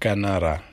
Canara